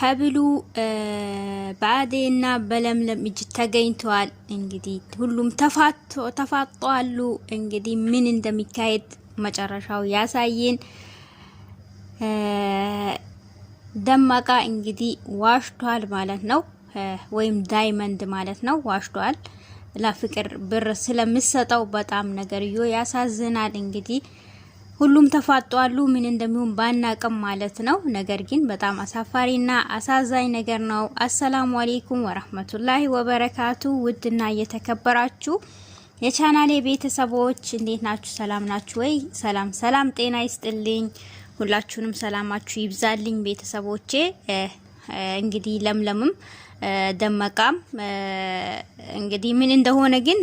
ሀብሉ በአዴ እና በለምለም እጅ ተገኝተዋል። እንግዲህ ሁሉም ተፋጧሉ እንግዲህ ምን እንደሚካሄድ መጨረሻው ያሳየን። ደማቃ እንግዲህ ዋሽቷል ማለት ነው፣ ወይም ዳይመንድ ማለት ነው ዋሽቷል። ለፍቅር ብር ስለምሰጠው በጣም ነገርዮ ያሳዝናል እንግዲህ ሁሉም ተፋጧሉ። ምን እንደሚሆን ባናቅም ማለት ነው። ነገር ግን በጣም አሳፋሪና አሳዛኝ ነገር ነው። አሰላሙ አሌይኩም ወራህመቱላሂ ወበረካቱ። ውድና እየተከበራችሁ የቻናሌ ቤተሰቦች እንዴት ናችሁ? ሰላም ናችሁ ወይ? ሰላም ሰላም፣ ጤና ይስጥልኝ። ሁላችሁንም ሰላማችሁ ይብዛልኝ ቤተሰቦቼ። እንግዲህ ለምለምም ደመቃም እንግዲህ ምን እንደሆነ ግን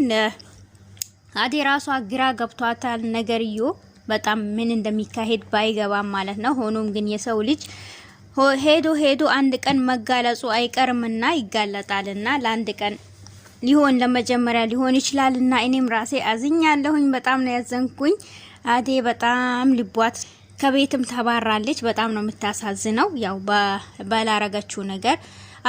አዴ ራሷ ግራ ገብቷታል ነገርዮ በጣም ምን እንደሚካሄድ ባይገባም ማለት ነው። ሆኖም ግን የሰው ልጅ ሄዶ ሄዶ አንድ ቀን መጋለጹ አይቀርምና ይጋለጣልና ለአንድ ቀን ሊሆን ለመጀመሪያ ሊሆን ይችላልና እኔም ራሴ አዝኛለሁኝ። በጣም ነው ያዘንኩኝ። አዴ በጣም ልቧት ከቤትም ተባራለች። በጣም ነው የምታሳዝነው። ያው ባላረገችው ነገር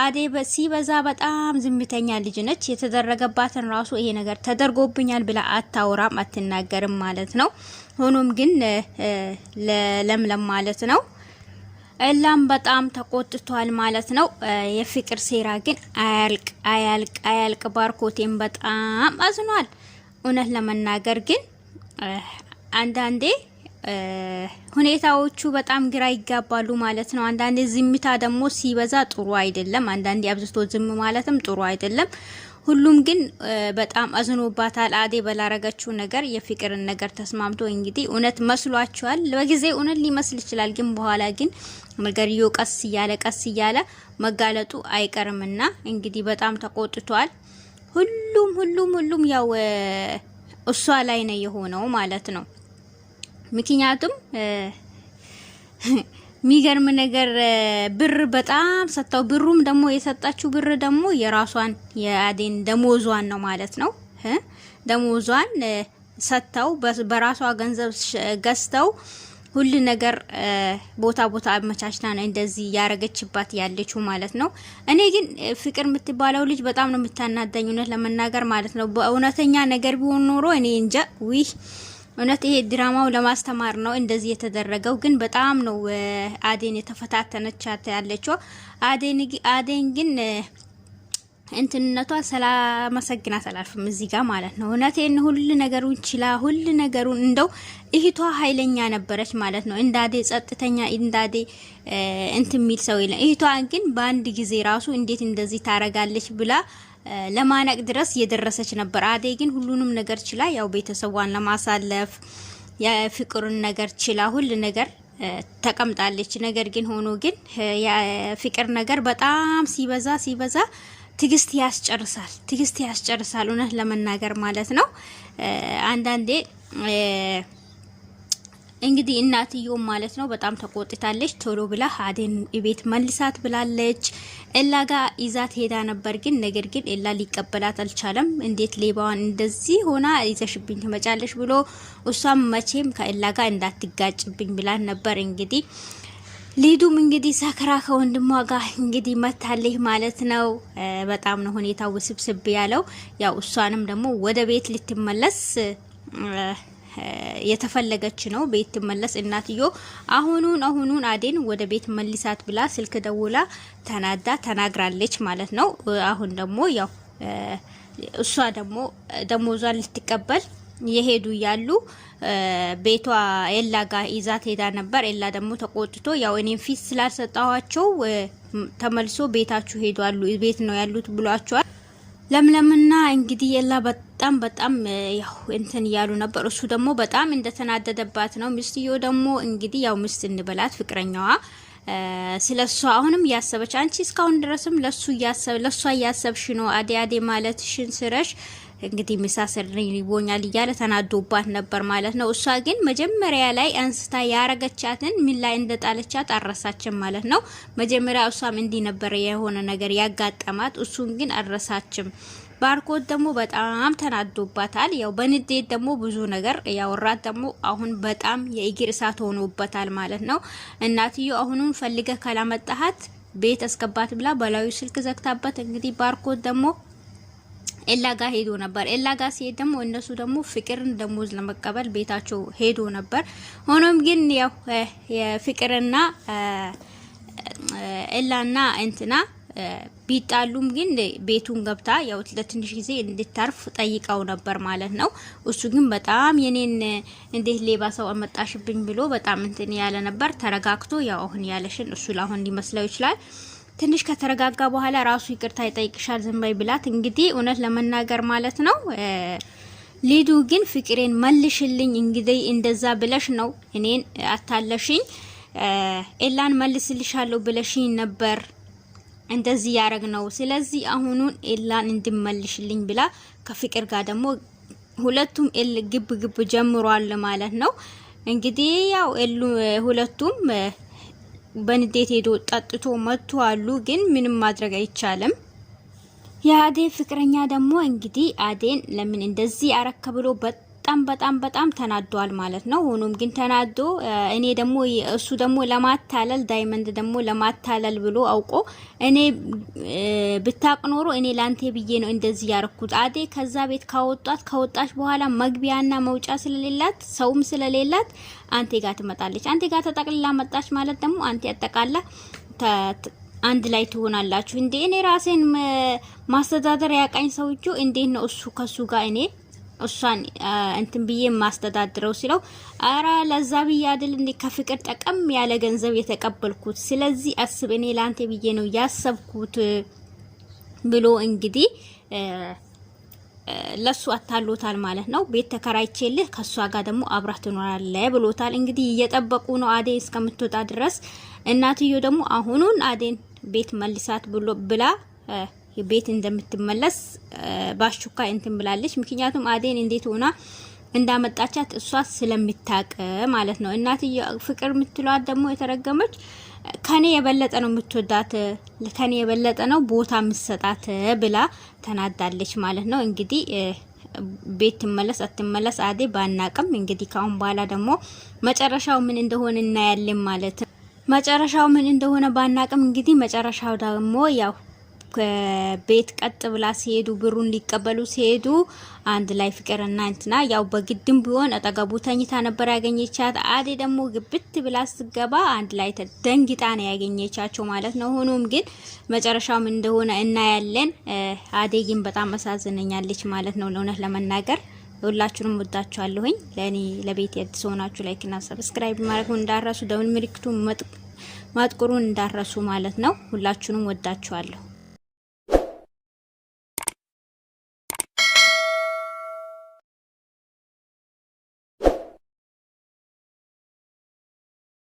አዴ ሲበዛ በጣም ዝምተኛ ልጅ ነች። የተደረገባትን ራሱ ይሄ ነገር ተደርጎብኛል ብላ አታወራም፣ አትናገርም ማለት ነው። ሆኖም ግን ለለምለም ማለት ነው እላም በጣም ተቆጥቷል ማለት ነው። የፍቅር ሴራ ግን አያልቅ አያልቅ አያልቅ። ባርኮቴም በጣም አዝኗል እውነት ለመናገር ግን አንዳንዴ ሁኔታዎቹ በጣም ግራ ይጋባሉ ማለት ነው። አንዳንዴ ዝምታ ደግሞ ሲበዛ ጥሩ አይደለም። አንዳንዴ አብዝቶ ዝም ማለትም ጥሩ አይደለም። ሁሉም ግን በጣም አዝኖባታል። አዴ በላረገችው ነገር የፍቅርን ነገር ተስማምቶ እንግዲህ እውነት መስሏቸዋል። በጊዜ እውነት ሊመስል ይችላል፣ ግን በኋላ ግን ነገርዮ ቀስ እያለ ቀስ እያለ መጋለጡ አይቀርምና እንግዲህ በጣም ተቆጥቷል። ሁሉም ሁሉም ሁሉም ያው እሷ ላይ ነው የሆነው ማለት ነው። ምክንያቱም የሚገርም ነገር ብር በጣም ሰጥተው ብሩም ደግሞ የሰጣችው ብር ደግሞ የራሷን የአዴን ደሞዟን ነው ማለት ነው። ደሞዟን ሰጥተው በራሷ ገንዘብ ገዝተው ሁሉ ነገር ቦታ ቦታ አመቻችታ ነው እንደዚህ ያረገችባት ያለችው ማለት ነው። እኔ ግን ፍቅር የምትባለው ልጅ በጣም ነው የምታናዳኝ እውነት ለመናገር ማለት ነው። በእውነተኛ ነገር ቢሆን ኖሮ እኔ እንጃ ዊህ እውነት ይሄ ድራማው ለማስተማር ነው እንደዚህ የተደረገው። ግን በጣም ነው አዴን የተፈታተነቻት ያለችው። አዴን ግን እንትንነቷ ስላመሰግናት አላልፍም እዚህ ጋር ማለት ነው። እውነቴን ሁሉ ነገሩን ችላ ሁሉ ነገሩን እንደው እህቷ ኃይለኛ ነበረች ማለት ነው። እንዳዴ ጸጥተኛ እንዳዴ እንትን የሚል ሰው የለም። እህቷ ግን በአንድ ጊዜ ራሱ እንዴት እንደዚህ ታረጋለች ብላ ለማነቅ ድረስ የደረሰች ነበር። አደይ ግን ሁሉንም ነገር ችላ፣ ያው ቤተሰቧን ለማሳለፍ የፍቅሩን ነገር ችላ ሁል ነገር ተቀምጣለች። ነገር ግን ሆኖ ግን የፍቅር ነገር በጣም ሲበዛ ሲበዛ ትግስት ያስጨርሳል። ትግስት ያስጨርሳል እውነት ለመናገር ማለት ነው አንዳንዴ እንግዲህ እናትየው ማለት ነው በጣም ተቆጥታለች። ቶሎ ብላ አደን ቤት መልሳት ብላለች። ኤላ ጋ ይዛት ሄዳ ነበር ግን ነገር ግን ኤላ ሊቀበላት አልቻለም። እንዴት ሌባዋን እንደዚህ ሆና ይዘሽብኝ ትመጫለች ብሎ እሷም መቼም ከኤላ ጋ እንዳትጋጭብኝ ብላ ነበር እንግዲህ ሊዱም እንግዲህ ሰክራ ከወንድሟ ጋር እንግዲህ መታለች ማለት ነው። በጣም ነው ሁኔታው ውስብስብ ያለው። ያው እሷንም ደግሞ ወደ ቤት ልትመለስ የተፈለገች ነው ቤት ትመለስ። እናትዮ አሁኑን አሁኑን አዴን ወደ ቤት መልሳት ብላ ስልክ ደውላ ተናዳ ተናግራለች ማለት ነው። አሁን ደግሞ ያው እሷ ደግሞ ደሞዟን ልትቀበል የሄዱ ያሉ ቤቷ ኤላ ጋር ይዛት ሄዳ ነበር። ኤላ ደግሞ ተቆጥቶ ያው እኔም ፊት ስላልሰጣኋቸው ተመልሶ ቤታችሁ ሄዷሉ ቤት ነው ያሉት ብሏቸዋል። ለምለምና እንግዲህ የላ በጣም በጣም ያው እንትን እያሉ ነበር። እሱ ደግሞ በጣም እንደተናደደባት ነው። ሚስትዮ ደግሞ እንግዲህ ያው ሚስት እንበላት ፍቅረኛዋ ስለ እሷ አሁንም እያሰበች አንቺ እስካሁን ድረስም ለሱ እያሰብ ለእሷ እያሰብሽ ነው አዴ አዴ ማለትሽን ስረሽ እንግዲህ ምሳ ሰርልኝ እያለ ተናዶባት ነበር ማለት ነው። እሷ ግን መጀመሪያ ላይ አንስታ ያረገቻትን ምን ላይ እንደጣለቻት አረሳችም ማለት ነው። መጀመሪያ እሷም እንዲህ ነበር የሆነ ነገር ያጋጠማት፣ እሱን ግን አረሳችም። ባርኮት ደግሞ በጣም ተናዶባታል። ያው በንዴት ደግሞ ብዙ ነገር ያወራት ደግሞ አሁን በጣም የእግር እሳት ሆኖበታል ማለት ነው። እናትዮ አሁኑን ፈልገ ካላመጣሃት ቤት አስገባት ብላ በላዩ ስልክ ዘግታበት እንግዲህ ባርኮት ደግሞ ኤላ ጋር ሄዶ ነበር። ኤላ ጋር ሲሄድ ደግሞ እነሱ ደግሞ ፍቅርን ደሞዝ ለመቀበል ቤታቸው ሄዶ ነበር። ሆኖም ግን ያው የፍቅርና ኤላና እንትና ቢጣሉም ግን ቤቱን ገብታ ያው ለትንሽ ጊዜ እንድታርፍ ጠይቀው ነበር ማለት ነው። እሱ ግን በጣም የኔን እንዴት ሌባ ሰው አመጣሽብኝ ብሎ በጣም እንትን ያለ ነበር። ተረጋግቶ ያው አሁን ያለሽን እሱ ላሁን ሊመስለው ይችላል ትንሽ ከተረጋጋ በኋላ ራሱ ይቅርታ ይጠይቅሻል ዝም በይ ብላት እንግዲህ እውነት ለመናገር ማለት ነው ሊዱ ግን ፍቅሬን መልሽልኝ እንግዲህ እንደዛ ብለሽ ነው እኔን አታለሽኝ ኤላን መልስልሻለሁ ብለሽኝ ነበር እንደዚህ ያደረግ ነው ስለዚህ አሁኑን ኤላን እንድመልሽልኝ ብላ ከፍቅር ጋር ደግሞ ሁለቱም ኤል ግብ ግብ ጀምሯል ማለት ነው እንግዲህ ያው ሁለቱም በንዴት ሄዶ ጠጥቶ መጥቶ አሉ። ግን ምንም ማድረግ አይቻልም። የአዴ ፍቅረኛ ደግሞ እንግዲህ አዴን ለምን እንደዚህ አረከ ብሎ በጣም በጣም በጣም ተናዷል ማለት ነው። ሆኖም ግን ተናዶ እኔ ደግሞ እሱ ደግሞ ለማታለል ዳይመንድ ደግሞ ለማታለል ብሎ አውቆ እኔ ብታቅ ኖሮ እኔ ላንቴ ብዬ ነው እንደዚህ ያረኩት። አዴ ከዛ ቤት ካወጧት ከወጣች በኋላ መግቢያና መውጫ ስለሌላት ሰውም ስለሌላት አንቴ ጋር ትመጣለች። አንቴ ጋር ተጠቅልላ መጣች ማለት ደግሞ አንቴ ያጠቃላ አንድ ላይ ትሆናላችሁ። እንዴ እኔ ራሴን ማስተዳደር ያቃኝ እጆ እንዴት ነው እሱ ከሱ ጋር እኔ እሷን እንትን ብዬ የማስተዳድረው ሲለው አራ ለዛ ብዬ አይደል እንዴ ከፍቅር ጠቀም ያለ ገንዘብ የተቀበልኩት። ስለዚህ አስብ እኔ ላንቴ ብዬ ነው ያሰብኩት ብሎ እንግዲህ ለሱ አታሎታል ማለት ነው። ቤት ተከራይቼልህ ከሷ ጋር ደግሞ አብራህ ትኖራለህ ብሎታል። እንግዲህ እየጠበቁ ነው አዴን እስከምትወጣ ድረስ። እናትዮ ደግሞ አሁኑን አዴን ቤት መልሳት ብሎ ብላ ቤት እንደምትመለስ ባሹካ እንትን ብላለች። ምክንያቱም አዴን እንዴት ሆና እንዳመጣቻት እሷ ስለምታቅ ማለት ነው። እናትየ ፍቅር የምትሏት ደግሞ የተረገመች ከኔ የበለጠ ነው የምትወዳት፣ ከኔ የበለጠ ነው ቦታ የምትሰጣት ብላ ተናዳለች ማለት ነው። እንግዲህ ቤት ትመለስ አትመለስ አዴ ባናቅም፣ እንግዲህ ካሁን በኋላ ደግሞ መጨረሻው ምን እንደሆነ እናያለን ማለት ነው። መጨረሻው ምን እንደሆነ ባናቅም፣ እንግዲህ መጨረሻው ደግሞ ያው ቤት ቀጥ ብላ ሲሄዱ ብሩን ሊቀበሉ ሲሄዱ አንድ ላይ ፍቅር እና እንትና ያው በግድም ቢሆን አጠገቡ ተኝታ ነበር ያገኘቻት። አዴ ደግሞ ግብት ብላ ስትገባ አንድ ላይ ደንግጣ ነው ያገኘቻቸው ማለት ነው። ሆኖም ግን መጨረሻውም እንደሆነ እናያለን። አዴ ግን በጣም አሳዝነኛለች ማለት ነው ለእውነት ለመናገር ሁላችሁንም ወዳችኋለሁኝ። ለእኔ ለቤት አዲስ ሆናችሁ ላይክና ሰብስክራይብ ማድረጉን እንዳረሱ፣ ደውል ምልክቱ ማጥቁሩን እንዳረሱ ማለት ነው። ሁላችሁንም ወዳችኋለሁ።